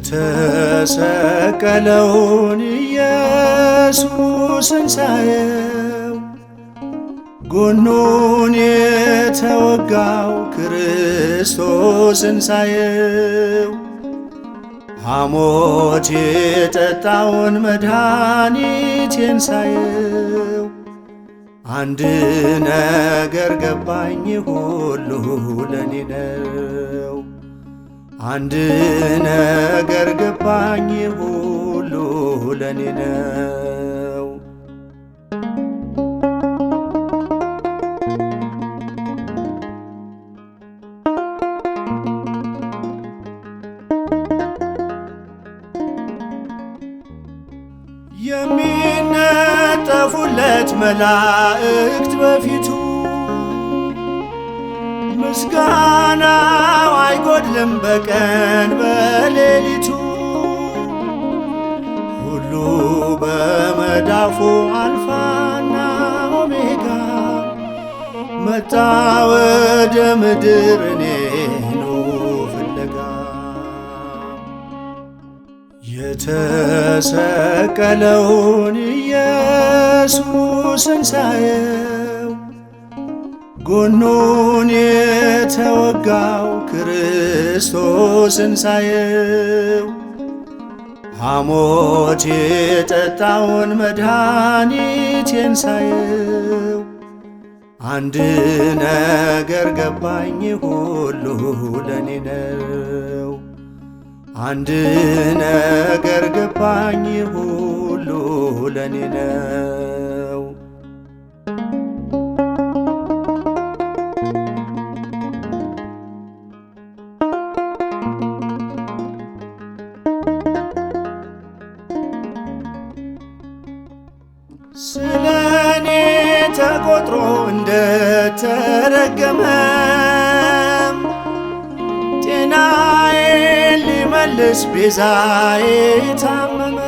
የተሰቀለውን ኢየሱስን ሳየው ጎኑን የተወጋው ክርስቶስን ሳየው ሐሞት የጠጣውን መድኃኒቴን ሳየው አንድ ነገር ገባኝ፣ ሁሉ ለኔ ነው። አንድ ነገር ገባኝ ሁሉ ለኔ ነው። የሚነጠፉለት መላእክት በፊቱ ምስጋና የለም በቀን በሌሊቱ ሁሉ በመዳፉ አልፋና ኦሜጋ መጣ ወደ ምድር እኔኑ ፍለጋ የተሰቀለውን ኢየሱስን ሳየ ጎኑን የተወጋው ክርስቶስን ሳየው ሐሞት የጠጣውን መድኃኒቴን ሳየው አንድ ነገር ገባኝ ሁሉ ለኔ ነው። አንድ ነገር ገባኝ ሁሉ ለኔ ነው። ስለ እኔ ተቆጥሮ እንደተረገመ ጤናዬ ሊመልስ ቤዛዬ ታመመ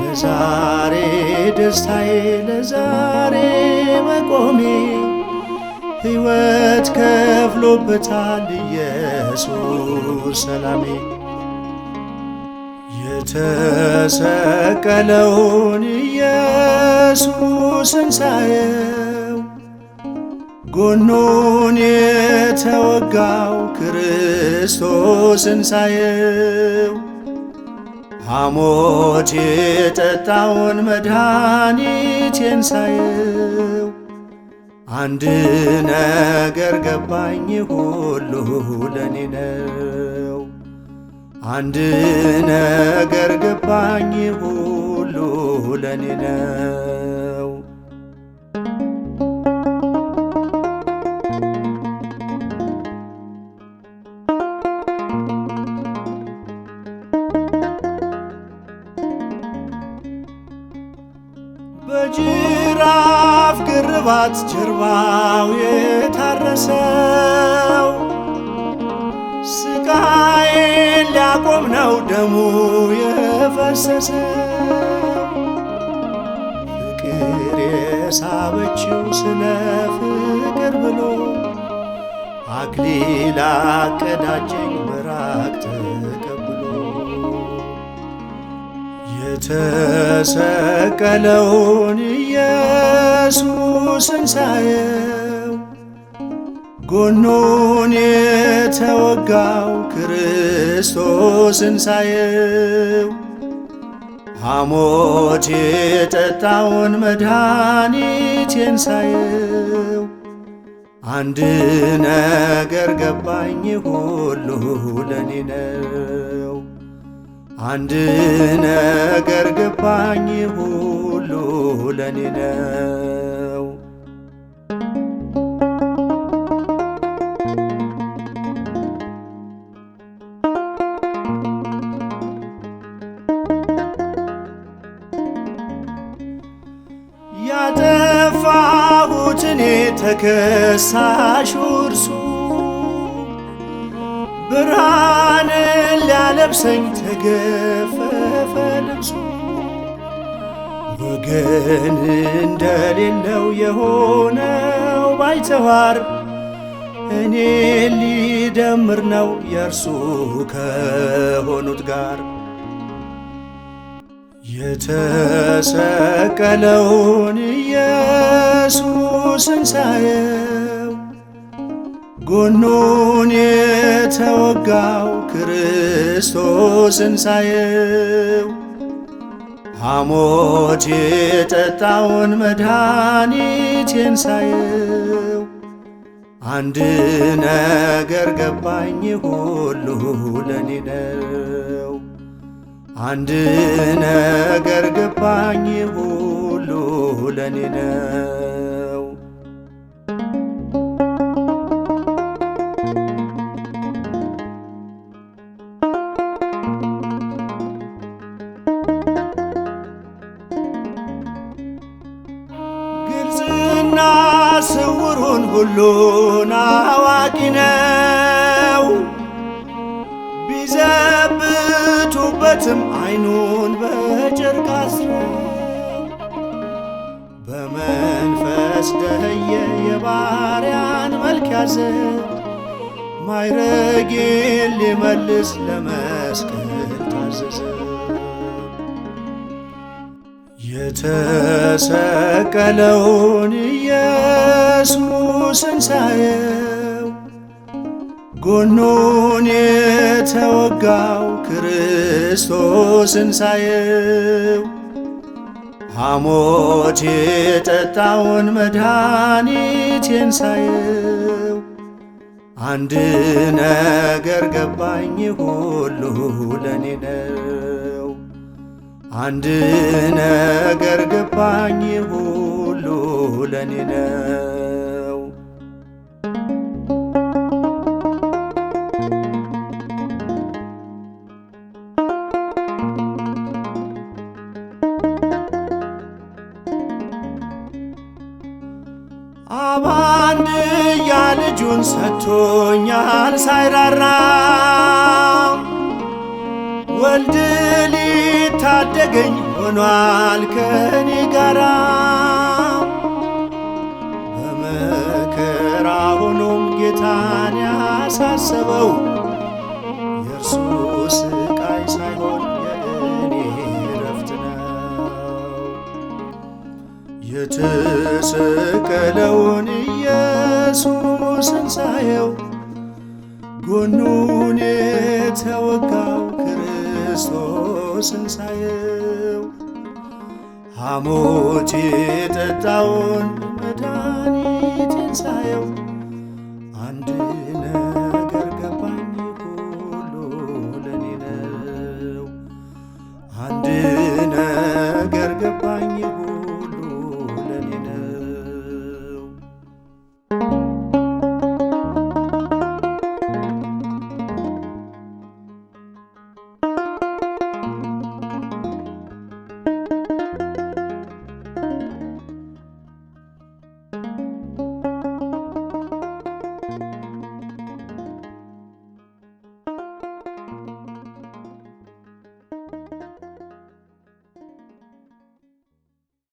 ለዛሬ ደስታዬ ለዛሬ መቆሜ ሕይወት ከፍሎበታል ኢየሱስ ሰላሜ የተሰቀለውን ኢየሱስን ሳየው ጎኑን የተወጋው ክርስቶስን ሳየው ሐሞት የጠጣውን መድኃኒቴን ሳየው አንድ ነገር ገባኝ፣ ሁሉ ለኔ ነው። አንድ ነገር ገባኝ ሁሉ ለኔ ነው። በጅራፍ ግርባት ጀርባው የታረሰው ስቃዬ ለማቆም ነው ደሙ የፈሰሰ ፍቅር የሳበችው ስለ ፍቅር ብሎ አክሊል አቀዳጀኝ ምራቅ ተቀብሎ የተሰቀለውን ኢየሱስን ሳየ ጎኑን የተወጋው ክርስቶስን ሳየው ሐሞት የጠጣውን መድኃኒቴን ሳየው አንድ ነገር ገባኝ፣ ሁሉ ለኔ ነው። አንድ ነገር ገባኝ፣ ሁሉ ለኔ ነው። ተከሳሽ እርሱ ብርሃንን ሊያለብሰኝ ተገፈፈ ልብሱ ወገን እንደሌለው የሆነው ባይተዋር እኔ ሊደምር ነው የእርሱ ከሆኑት ጋር የተሰቀለውን ኢየሱስን ሳየው ጎኑን የተወጋው ክርስቶስን ሳየው ሐሞት የጠጣውን መድኃኒቴን ሳየው አንድ ነገር ገባኝ፣ ሁሉ ለኔ ነው። አንድ ነገር ገባኝ ሁሉ ለኔ ነው። ግልጽና ስውሩን ሁሉን አዋቂ ነው ቢዘ ውበትም አይኑን በጨርቅ በመንፈስ ደየ የባሪያን መልክ ያዘ ማይረጌን ሊመልስ ለመስቀል ታዘዘ። የተሰቀለውን ኢየሱስን ሳየ ጎኑን የተወጋው ክርስቶስን ሳየው ሐሞት የጠጣውን መድኃኒቴን ሳየው አንድ ነገር ገባኝ፣ ሁሉ ለኔ ነው። አንድ ነገር ገባኝ፣ ሁሉ ለኔ ነው። አብ አንድያ ልጁን ሰጥቶኛል ሳይራራ ወልድ ሊታደገኝ ሆኗል ከኔ ጋራ በመከራ ሆኖም ጌታን ያሳሰበው የእርሱ ስቃይ ሳይሆን የተሰቀለውን ኢየሱስን ሳየው ጎኑን የተወጋው ክርስቶስን ሳየው ሐሞት የጠጣውን መድኃኒቴን ሳየው አንድ